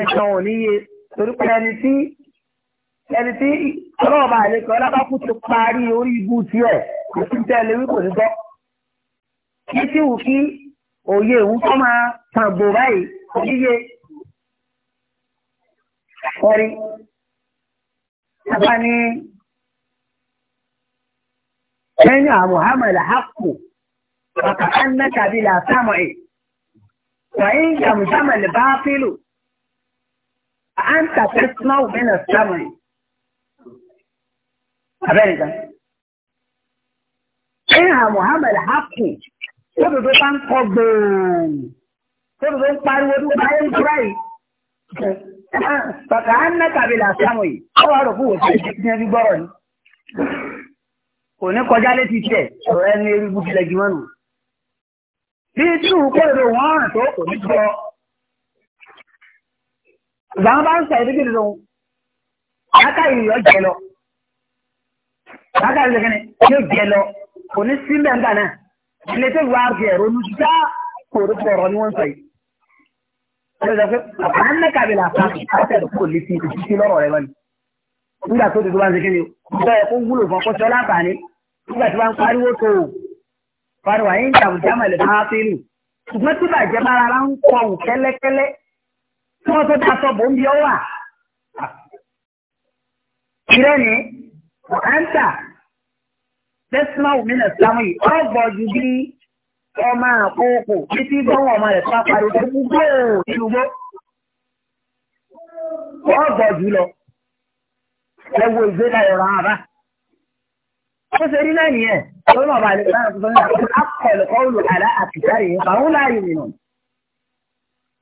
ẹ̀sán ò níye torí pé ẹni tí ẹni tí ọlọ́ọ̀bà àlekọ ọlábàkú ti parí orí ibú tiẹ̀ kò sí tẹ́lẹ̀ wí kò gbọ́. kí tí wù kí òye ìwú kọ́ máa tàn bò báyìí níye. ẹ̀rí àbá ní ẹ̀yìn Muhammad haqqu kàkà ẹ̀ ń mẹ́ta bí làtàmọ̀ ẹ̀ أنت تسمع من السمع أبدا إنها محمد حقي tóbi tó bá ń kọ gbòòrùn tóbi tó ń pariwo tó bá ń kúrá yìí bàtà á ná tàbí làásàmù yìí ó wà rò fún òṣèlú tí wọ́n fi gbọ́rọ̀ ni kò ní kọjá létí tiẹ̀ ọ̀rọ̀ ẹni ewu bukilẹ̀ jùmọ̀ nù bí tí òun kọ́ èrò wọn rìn tó kò ní gbọ́ ìgbà wọn bá ń sọ ìdíbí nínú aka ìyọ jẹ lọ aka ìyọ kẹne yóò jẹ lọ kò ní sí mbẹ́ńgbà náà ilé tó wà á jẹ ronú já kòrò pọ̀rọ̀ ni wọ́n sọ yìí. Ṣé ìjọba àpá ń mẹ́ka bí làpá àti ẹ̀rọ kò lè fi ìṣiṣẹ́ lọ́rọ̀ rẹ wọ́n Nígbà tó dùdú bá ń ṣe kí ni o, wúlò fún ọkọ̀ ṣọlá àbáni nígbà tí wọ́n ń pariwo tó o. Fariwa yín jàmù jàmù ẹ̀lẹ́ máa fi Ṣùgbọ́n tí bàjẹ́ bára ń kọ òun kẹ́lẹ́kẹ́lẹ́ tí wọ́n tó dá sọ bò ń bí ọ wà. Ìrẹ́ ni ọ̀hántà tẹ́símọ́ òmìnira ìsìlámù yìí ọgbọ̀n ju bí ọmọ àkókò títí gbọ́wọ́ ọmọ rẹ̀ tó apariwo tó gbogbo nínú gbó. Ọgbọ̀n jù lọ ẹ wo ìgbé náà yọ̀rọ̀ àbá. Ó ṣe rí náà nìyẹn, ó náà bá lè gbára tuntun ní àkókò akọ̀lùkọ́ olùkàlà àtìkárí ìfàwọn láàyè mìíràn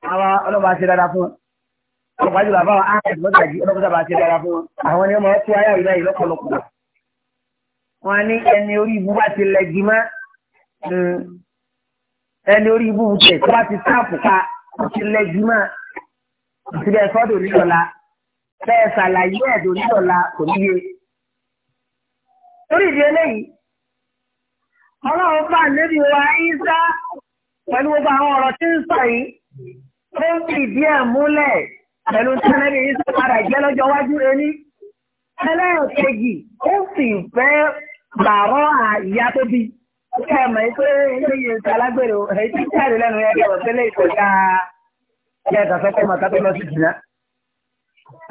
àwa ọlọ́ba ṣe dáadáa fún wọn ọlọ́pàá jùlọ àbáwọn ahmed mọ́tàjì ọlọ́pàá sábà ṣe dáadáa fún wọn àwọn ni wọ́n máa tó ayá ìlà yìí lọ́pọ̀lọpọ̀ wọn ní ẹni orí ibú bá ti lẹ gímá hmm, ẹni orí ibú tẹ̀ tó bá ti sáàpù pa ó ti lẹ gímá síbẹ̀ sọ́dọ̀ onídọ̀la bẹ́ẹ̀ ṣàlàyé ẹ̀dọ̀ onídọ̀la kò níye lórí ìdí eléyìí ọlọ́run bá lébi wa ìsá pẹ̀lú gbogbo àwọn ọ̀rọ̀ tí ń sọ yìí tó ń fìdí ẹ̀ múlẹ̀ pẹ̀lú tẹ́lẹ̀bì yìí tó padà jẹ́ lọ́jọ́ wájú ẹni. ẹlẹ́ẹ̀kejì ó sì fẹ́ bàárọ̀ àyà tó bí. ẹ mọ̀ pé eléyìí ti alágbèrè èyí tí jáde lẹ́nu yẹn kẹ̀wọ̀ sílé ìkọjá kẹta fẹ́ kọ́ màkà tó lọ sí jìnnà.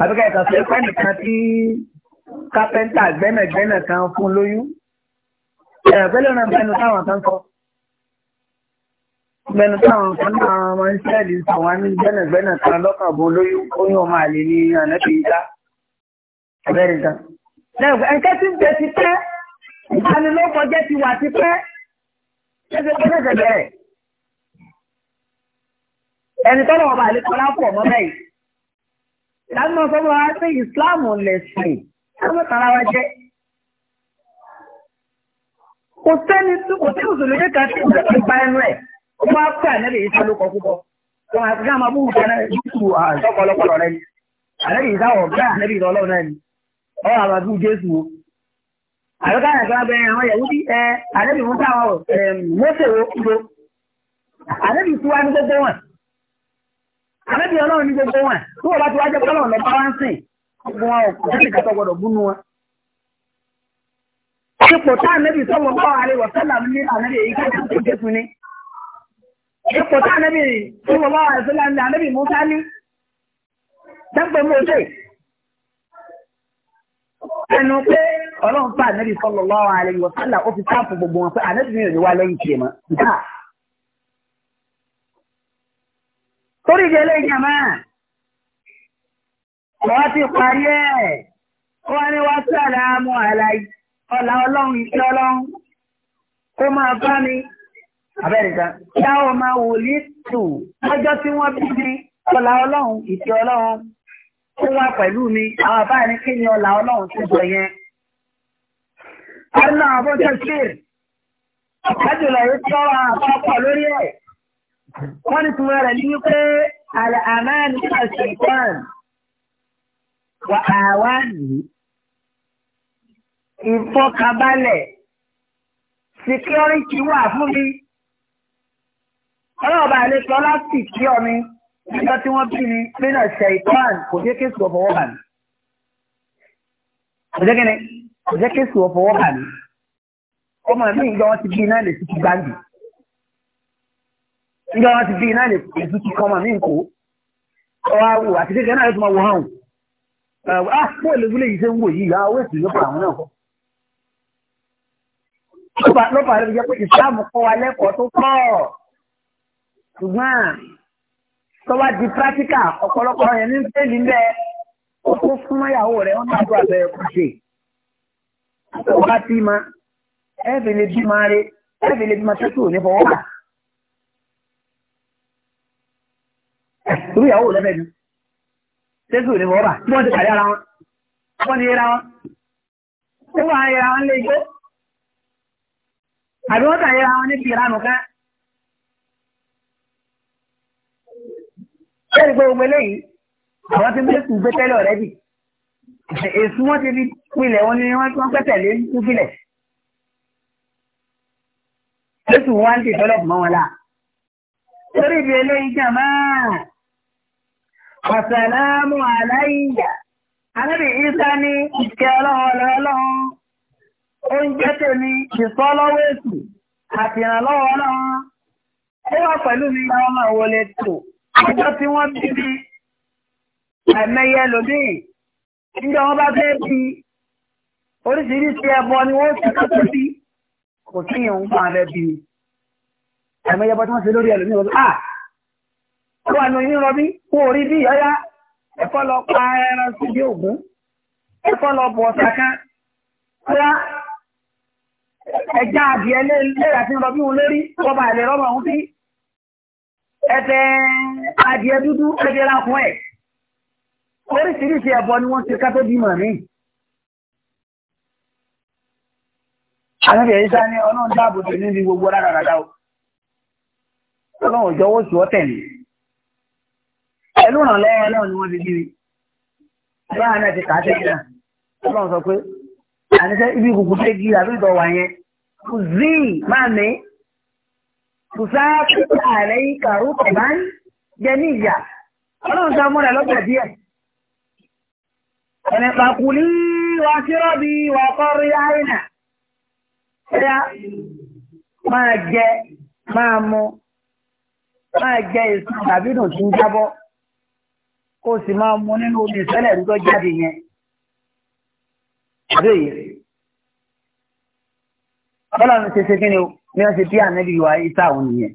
àbí kẹta fẹ́ pẹ́ nìkan tí kápẹ́ńtà gbẹ́nàgbẹ́nà kan fún lóyún. ẹ̀ẹ́dẹ́gbẹ́lẹ́ náà bẹnu táwọn kan kọ́. Gbẹ̀nù táwọn kan náà máa ń ṣẹ́ẹ̀lì sọ̀wọ́n ní gbẹ́nàgbẹ́nà kan lọ́kàbọ̀ olóyún oyún ọmọ àlè ní ànẹ́bí ìta. Bẹ́ẹ̀ni gan. Ẹ̀kẹ́ tí ń jẹ ti pẹ́, ìdánilọ́kọ̀ jẹ́ ti wà ti pẹ́, ṣẹ́ṣẹ́ gbẹ́nà tẹ̀lẹ̀ rẹ̀. Ẹni tọ́lọ̀ ọba àlékọ́ lápọ̀ mọ́ bẹ́ẹ̀. Lámọ̀ sọ́mọ́ wa pé Ìsìláàmù lẹ̀sìn, lámọ̀ tara wa jẹ́ kò sẹ́ni tí kò sí ó máa ń pẹ́ ànẹ́bì yìí sá púpọ̀ wọn àti ká máa búrú kaná jésù àjọpọ̀lọpọ̀lọ rẹ ni ànẹ́bì yìí sáwọ̀ bẹ́ẹ̀ ànẹ́bì yìí lọ́lọ́ náà ni ọ àmà bú jésù o àbíká yẹn kan bẹ àwọn yẹ̀wù bí ẹ ànẹ́bì mú táwọn mọ́tò wo kúrò ànẹ́bì tí wàá ní gbogbo wọn ànẹ́bì ọlọ́run ní gbogbo wọn tí wọ́n bá ti wájú ọlọ́run lọ ipò tá ànábì tó wọ́n wá ẹ̀sọ́lá ní ànábì Musa ní ẹnu pé ọlọ́run pa ànábì sallallahu alaihi wasallam ó fi táàpù gbogbo wọn pé ànábì mi ò ní wá lẹ́yìn tiẹ̀ mọ́ torí ìdí eléyìí jàmá wọ́n ti parí ẹ̀ wọ́n ní wọ́n sàlámù àlàyé ọ̀là ọlọ́run ìṣẹ́ ọlọ́run kó máa bá mi abẹ́rẹ́ta yá ọmọ wòlíì tù lọ́jọ́ tí wọ́n bí mi ọlá ọlọ́run ìfẹ́ ọlọ́run tó wà pẹ̀lú mi àwọn àbáyé ní kí ni ọlá ọlọ́run tó jọ yẹn. arúgbó àwọn bó ṣe ṣe àjùlọ yìí tọ́ àpapọ̀ lórí ẹ̀. wọ́n ní tiwọn rẹ̀ ní wípé àlẹ́ àmẹ́ni náà ṣe ìtàn wà àwa nìyí. ìfọkànbalẹ̀ security wà fún mi ọlọ́ọ̀bá àlejò ọlásì kí ni. nígbà tí wọ́n bí mi nínú ẹ̀ṣẹ̀ ìtàn kò jẹ́ kéṣù ọ̀fọwọ́ bà mí. kò jẹ́ kíni kò jẹ́ kéṣù ọ̀fọwọ́ bà mí. ọmọ mi ìjọ wọn ti bí iná lè tutù gbáǹdì. ìjọ wọn ti bí iná lè tutù kọ́mọ mi nkó. ọwọ́ àwò àti kékeré náà yóò tún máa wọ hàn. ah bóyá lè wúlé yìí ṣe ń wò yìí àwọn èsì ló pa àwọn náà kọ́. ló fà á ṣùgbọ́n tọ́wá di pratika ọ̀pọ̀lọpọ̀ yẹn ní sẹ́ẹ̀lì ń bẹ́ ọkọ fún ìyàwó rẹ̀ wọ́n máa tó àbẹ̀rẹ̀ kù ṣe. ma ẹ fi lè bí ẹ fi lè bí ní fọwọ́ irú ìyàwó ni ní fọwọ́ tí wọ́n ti ara wọn wọ́n ti yẹra Bẹ́ẹ̀ni pé ogun eléyìí, àwọn ti mẹ́sùn gbé tẹ́lẹ̀ ọ̀rẹ́dì. Èsù wọn ti fi pilẹ̀ wọn ni wọ́n ti wọ́n pẹ́ tẹ̀lé ń filẹ̀. Jésù wá ń dìtọ́lọ̀pù mọ́ wọn láà. Lórí ibi eléyìí jàmá. Àsàlámù aláìyà. Ànábì Ísá ní ìkẹ́ ọlọ́run ọlọ́run. tèmi ìsọ́lọ́wọ́ àti ìrànlọ́wọ́ ọlọ́run. Ó wà pẹ̀lú mi ọmọ ìwọlé tó ọjọ́ tí wọ́n bí mi ẹ̀mẹyẹ lòdìí níjọ́ wọn bá fẹ́ bí oríṣiríṣi ẹbọ ni wọ́n ti ká tó bí kò sí ìhun fún abẹ bí ẹ̀mẹyẹ bọ́ tí wọ́n ṣe lórí ẹlòmíì wọn à ah! ó wà ní oyún rọbí kó o rí bí ọyá ẹ̀fọ́ lọ pa ẹran síbi ògún ẹ̀fọ́ lọ bọ̀ ọ̀sà kan ọyá ẹja adìẹ lẹ́yìn àti rọbí wọn lórí ọba àlè rọ́bà wọn sí ẹ̀fẹ́ adìẹ dúdú ẹgbẹ́ra fún ẹ̀ oríṣiríṣi ẹ̀bọ ni wọ́n ti ká tó bímọ mi. àwọn ìyẹn sá ní ọlọ́run dáàbò tó níbi gbogbo rárára o ọlọ́run jọ̀wọ́ sí ọ tẹ̀lé ẹlú ìrànlọ́wọ́ ọlọ́run ni wọ́n ti bí mi báwa náà ti kà á tẹ̀lé náà ọlọ́run sọ pé àníṣe ibi ìkùkù tẹ́ gí àbí ìtọ̀ wà yẹn kù zí máa mi kù sáà kíkà rẹ̀ yín kàrú kọ̀ báyìí jẹ ní ìyà ọlọ́run sọ múra lọ́gbà díẹ̀ ẹ̀nà pàkùlí wa sírọ́bì wa kọ́rí àìnà ẹ̀yà máa jẹ máa mu máa jẹ èso tàbí dùn tí ń jábọ́ kó sì máa mu nínú omi ìṣẹ̀lẹ̀ tó jáde yẹn àbẹ́yẹ ọlọ́run ti ṣe kí ni ó ní wọ́n ti bí ànábì wa ìta òun nìyẹn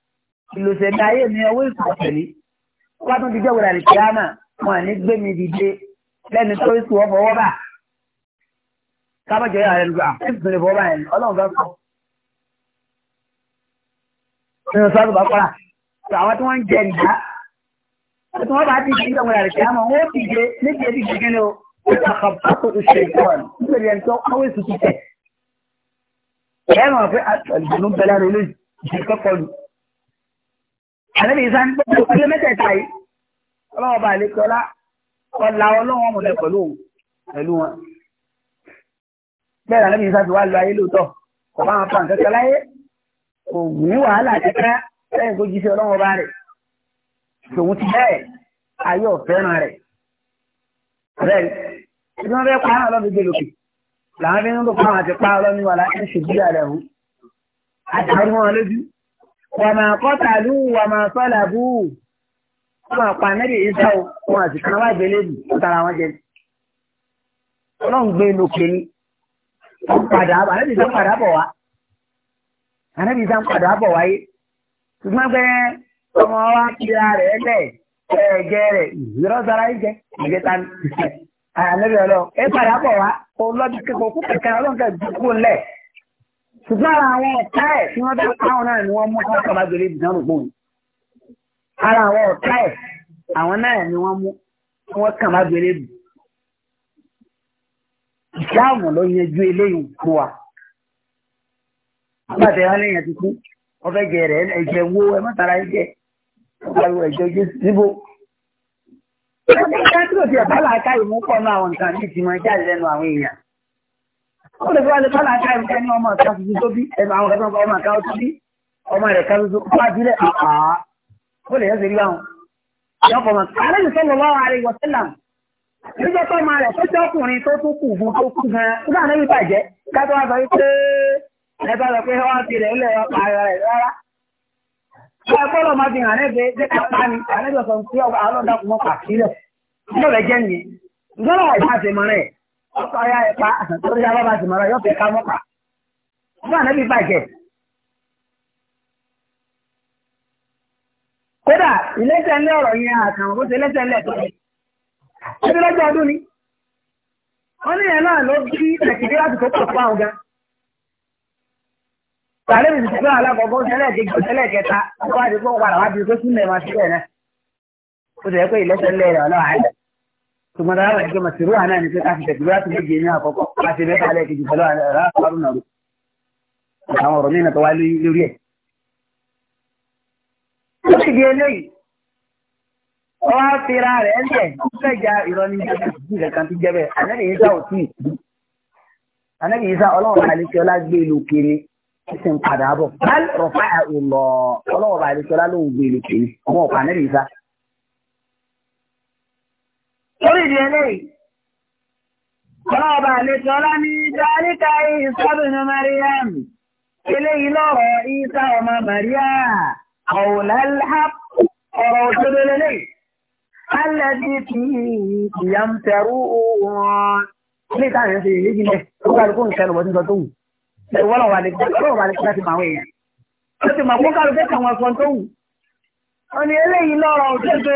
ìlòsẹ̀dá ayé mi owó ìkọ̀tẹ̀lé wọ́n tún ti jẹ́ wọlé àlìkíyàmà wọn ní gbé mi dìde lẹ́nu tó ń sùn fọwọ́ bà sábàjẹ́ ààrẹ lùgbà ẹ̀sùn lè fọwọ́ bà yẹn ọlọ́run fẹ́ sọ. nínú sọ́ọ̀tù bá kọ́ra àwọn tí wọ́n ń jẹ ìdá tí wọ́n bá ti ti jẹ́ wọlé àlìkíyàmà wọ́n ó ti jẹ méjì ẹbí gẹ́gẹ́ ni o ó ti àkàbàtò ìṣèjọ́ nígbèrè ẹni tó kọ́wé tuntun tẹ̀. ẹ̀rọ àlẹ́bí ìsá ń gbọ́dọ̀ pẹ̀lú mẹ́tẹ̀ẹ̀ta yìí ọlọ́wọ́ bá lè kọ́lá ọ̀la ọlọ́wọ́ mọ̀lẹ́ pẹ̀lú pẹ̀lú wọn. bẹ́ẹ̀ àlẹ́bí ìsá ti wá lu ayé lóòótọ́ kò bá wọn fa nǹkan kan láyé kò ní wàhálà kẹkẹ lẹ́yìn kó jíṣẹ́ ọlọ́wọ́ bá rẹ̀ tòun ti bẹ́ẹ̀ ayé ọ̀fẹ́ràn rẹ̀ bẹ́ẹ̀ ni wọ́n fẹ́ pa náà lọ́dún gbèlòkè làwọn fi ń lò fún àwọn àti pa ọlọ́ni wà láti ṣèjúdà wàmà kọ́tàlú wàmà sọ́làbù wọ́n àpá nẹ́bí ìṣá o wọn àti kan wáyé bẹ́lẹ́bì ó tara wọn jẹ. ọlọ́run gbé inú kiri padà bọ̀ ànẹ́bí ìṣá ń padà bọ̀ wá ànẹ́bí ìṣá ń padà bọ̀ wáyé ṣùgbọ́n pé ọmọ wa kíra rẹ̀ lẹ̀ ẹ̀ẹ́gẹ́ rẹ̀ ìrọ́ sara ń jẹ ta ni ànẹ́bí ọlọ́ ẹ bọ̀ wá olọ́dún kẹ́kọ̀ọ́ kú ọlọ́run kẹ́ ṣùgbọ́n àwọn ọ̀tá ẹ̀ tí wọ́n dá káwọn náà ni wọ́n mú fún ọ̀tá bàgbére ìdán rògbò yìí ara àwọn ọ̀tá ẹ̀ àwọn náà ni wọ́n mú tí wọ́n kàn bàgbére bù ìṣáàmù ló yanjú eléyìí fún wa àgbàdo ìhálẹ̀ yẹn ti kú ọfẹ́ jẹ rẹ̀ ẹ̀jẹ̀ wo ẹ mọ́tara ẹ jẹ ọgbàlù ẹ̀jẹ̀ ojú síbò ọjọ́ ìdájọ́ ti ọ̀bá làákàyè mú pọ̀ náà àwọn nǹkan ní ìtìmọ̀ jáde lẹ́nu àwọn èèyàn ó lè fẹ́ wá lè fọ́lá ká ẹ̀rù kẹ́ni ọmọ ọ̀tá tuntun tó bí ẹnu àwọn ọ̀tá ọmọ ọ̀ká tó bí ọmọ rẹ̀ ká tuntun kó àbílẹ̀ àá ó lè yẹ́sẹ̀ rí àwọn. yọkọ̀ mọ̀ àlejò sọ́nà wà wà rẹ̀ wọ̀sílàm nígbà tó máa rẹ̀ tó jẹ́ ọkùnrin tó tún kù fún tó kù gan-an kó dáa níbi bàjẹ́ ká tó wá sọ wípé ẹ bá lọ pé wọ́n ti rẹ̀ ó wọ́n pa ara rẹ̀ rárá. Ọ̀pọ̀lọ̀ máa fi hàn lẹ́gbẹ̀ẹ́ jẹ́ kápá ni, àlejò sọ pé àwọn ọ̀dà kò mọ̀ pàkílẹ̀. Ìjọba ẹ̀jẹ̀ nìyẹn. Ìjọba ẹ̀jẹ̀ àti ìmọ̀ràn ẹ̀. ọkọ ya ẹ̀pá torí abába sì mọ́ra yọ̀ọ̀fẹ́ ká mọ́pà fún ànábì bàjẹ́. kódà iléeṣẹ́ ńlẹ́ ọ̀rọ̀ yẹn àtàwọn kó ṣe iléeṣẹ́ ńlẹ̀ tó ní. ṣé lọ́jọ́ ọdún ni wọ́n ní yẹn náà ló bí láti tó pọ̀ fún àwọn gan. mi ti fẹ́ alákọ̀ọ́kọ́ sẹ́lẹ̀ kejì sẹ́lẹ̀ kẹta wọ́n wá tuma da haka kuma siru ana ne sai ka fita biya tun je ne a koko a ce bai kale ki jalo ra faru na ru amma rome na tawali luriye ki je nei o a tira re nje sai ja ironi ni ji da kan ti je be ana ne isa oti ana ne isa Ọlọ́run ba le ki ola gbe ilu kiri sin padà bọ̀ bal rafa'u Allah Ọlọ́run ba le ki ola lo gbe ilu kiri ọmọ pa isa Lórí ìdí eléyìí, ọlọ́ọ̀bà àlejò ọlá ní Dáríkà ìsábìnú Mariam, eléyìí lọ́rọ̀ Ìsá ọmọ Màríà, ọ̀wọ̀lá ọ̀rọ̀ òṣèlú eléyìí. Alẹ́dí fi ìyà ń tẹ̀rú wọn. Ilé ìtàrí ṣe èyí jílẹ̀, ó kálukú nǹkan lọ́wọ́ tí ń sọ tó wù. Ìwọ́lọ̀ wà ní láti máa wọ̀ èèyàn. Ó ti mọ̀ kó kálukú kàwọn sọ tó wù. Ó ní eléyìí lọ́rọ̀ òṣèlú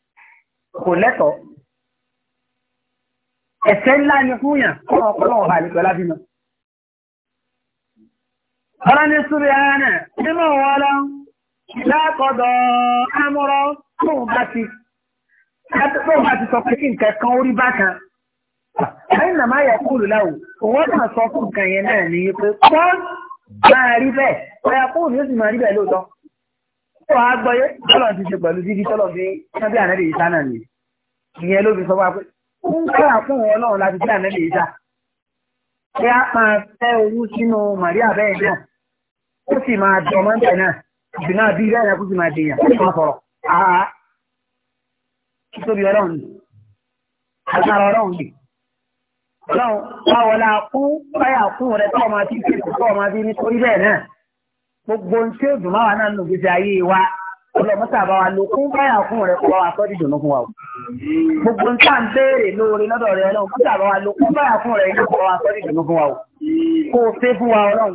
kò lẹ́tọ̀ọ́ ẹ̀ṣẹ̀ ńlá ni fún yàn kọ́ ọ̀pọ̀lọpọ̀ ọba àlejò alábìmọ̀. ọ̀rọ̀ ní sùúrù ara náà nínú ọ̀rọ̀ ọlọ́run lákọ̀dọ̀ amúrọ̀ tó bá ti tó bá ti sọ pé kí nǹkan kan ó rí bákan. ẹ̀yìn nàmá yẹ kúrò láwù òun náà sọ fún nǹkan yẹn náà ní pé kọ́ máa rí bẹ́ẹ̀ ọ̀yà kúrò yóò sì máa rí bẹ́ẹ̀ lóòótọ́ ó wàá gbọ́yé tọ́lọ̀ ti ṣe pẹ̀lú dídí tọ́lọ̀ fi sábẹ́ ànẹ́lẹ̀ yìí sánà ni ìyẹn ló fi sọ wá pé ń kára fún òun ọlọ́run láti sí ànẹ́lẹ̀ yìí sá a máa fẹ́ owó sínú Màríà bẹ́ẹ̀ náà ó sì máa dùn ọmọ ńbẹ náà ìdùn náà bí bẹ́ẹ̀ náà kó sì máa dèèyàn ó sì máa sọ̀rọ̀ àá títóbi ọlọ́run ni àtàrà ọlọ́run ni ọlọ́run báwo la kún báyà kún rẹ tọ́ ọmọ àti ìṣèkù tọ́ ọmọ àti nítorí bẹ́ẹ̀ náà gbogbo ohun tí ó dùn máa wà náà nù gbèsè ayé wa ọlọ́mọ́sà bá wa lo kún báyà fún rẹ̀ kó bá wa sọ́ dìdùnú fún wa o. gbogbo ohun tá à ń béèrè lóore lọ́dọ̀ rẹ̀ ọlọ́run kó bá wa lo kún báyà fún rẹ̀ kó bá wa sọ́ dìdùnú fún wa o. kó o ṣe fún wa ọlọ́run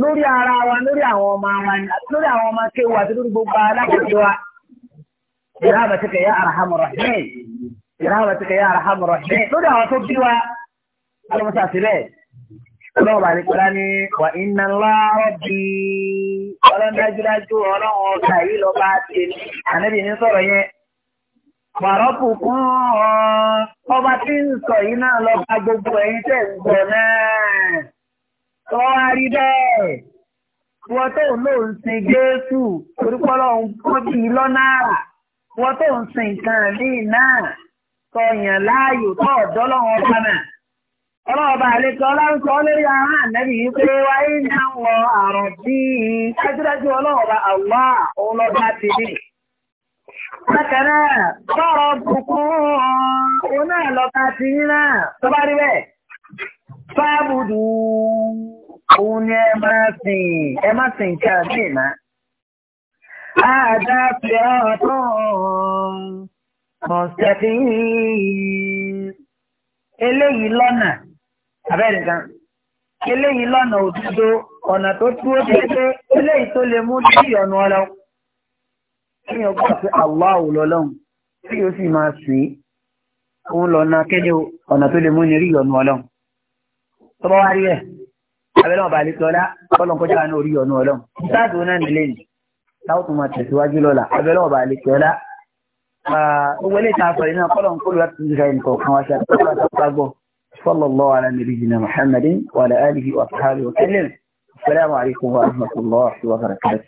lórí ara wa lórí àwọn ọmọ wa lórí àwọn ọmọ kéwu àti lórí gbogbo alákòóso wa. ìràbà ti kẹ̀yà arahamu rahman ìràbà ti kẹ̀yà arahamu rahman lórí àwọn tó bí wa ọlọ́mọ́sà sílẹ̀ ọlọ́run bá ní wà iná ńlá ọlọ́run dájúdájú ọlọ́run ọ̀gá yìí lọ bá tèmi ànábì ní sọ̀rọ̀ yẹn. Wàrọ́pù kún ọba tí ń sọ yìí náà lọ bá gbogbo ẹ̀yin tẹ̀ ń gbọ̀ náà. Wọ́n wá rí bẹ́ẹ̀. Wọ́n tó ń lò ń sin Jésù orípọ́lọ́ ń kó bí i lọ́nà àrà. Wọ́n tó ń sin nǹkan míì náà. Sọ̀yàn láàyò tó ọ̀dọ́ lọ́wọ́ ọba náà. Ọlọ́ọ̀bà àlejò ọlọ́rùsọ lórí ara ànẹ́bì yìí pé wáyé ní àwọn àrùn bí i dájúdájú ọlọ́ọ̀bà àwọ̀ òun lọ́ba ti ní. Bákan náà, bọ́ọ̀rọ̀ bùkún òun náà lọ́ba ti ní náà tó bá rí bẹ́ẹ̀. Fáàbùdù òun ni ẹ máa sìn ẹ máa sìn nǹkan àbí ìná. Àdá fi ọ̀tún mọ̀sẹ̀fín eléyìí lọ́nà abẹ́rẹ́ nǹkan eléyìí lọ́nà òdodo ọ̀nà tó dúró déédéé eléyìí tó lè mú sí ọ̀nà ọlọ́run kí ni o gbà pé Allah ò lọ́lọ́run tí o sì máa sì òun lọ́nà kéde ọ̀nà tó lè mú ní rí ọ̀nà ọlọ́run tó bá wá rí ẹ̀ abẹ́rẹ́ ọ̀bà àlejò ọlá ọlọ́run kọjá àánú orí ọ̀nà ọlọ́run ìsáàtò náà nílé ni táwọn tó máa tẹ̀síwájú lọ́la abẹ́rẹ́ ọ̀bà àlejò ọlá owó ilé ìta àfọ̀rẹ́ náà kọ́lọ̀ ń kó lọ́wọ́ صلى الله على نبينا محمد وعلى آله وأصحابه وسلم السلام عليكم ورحمة الله وبركاته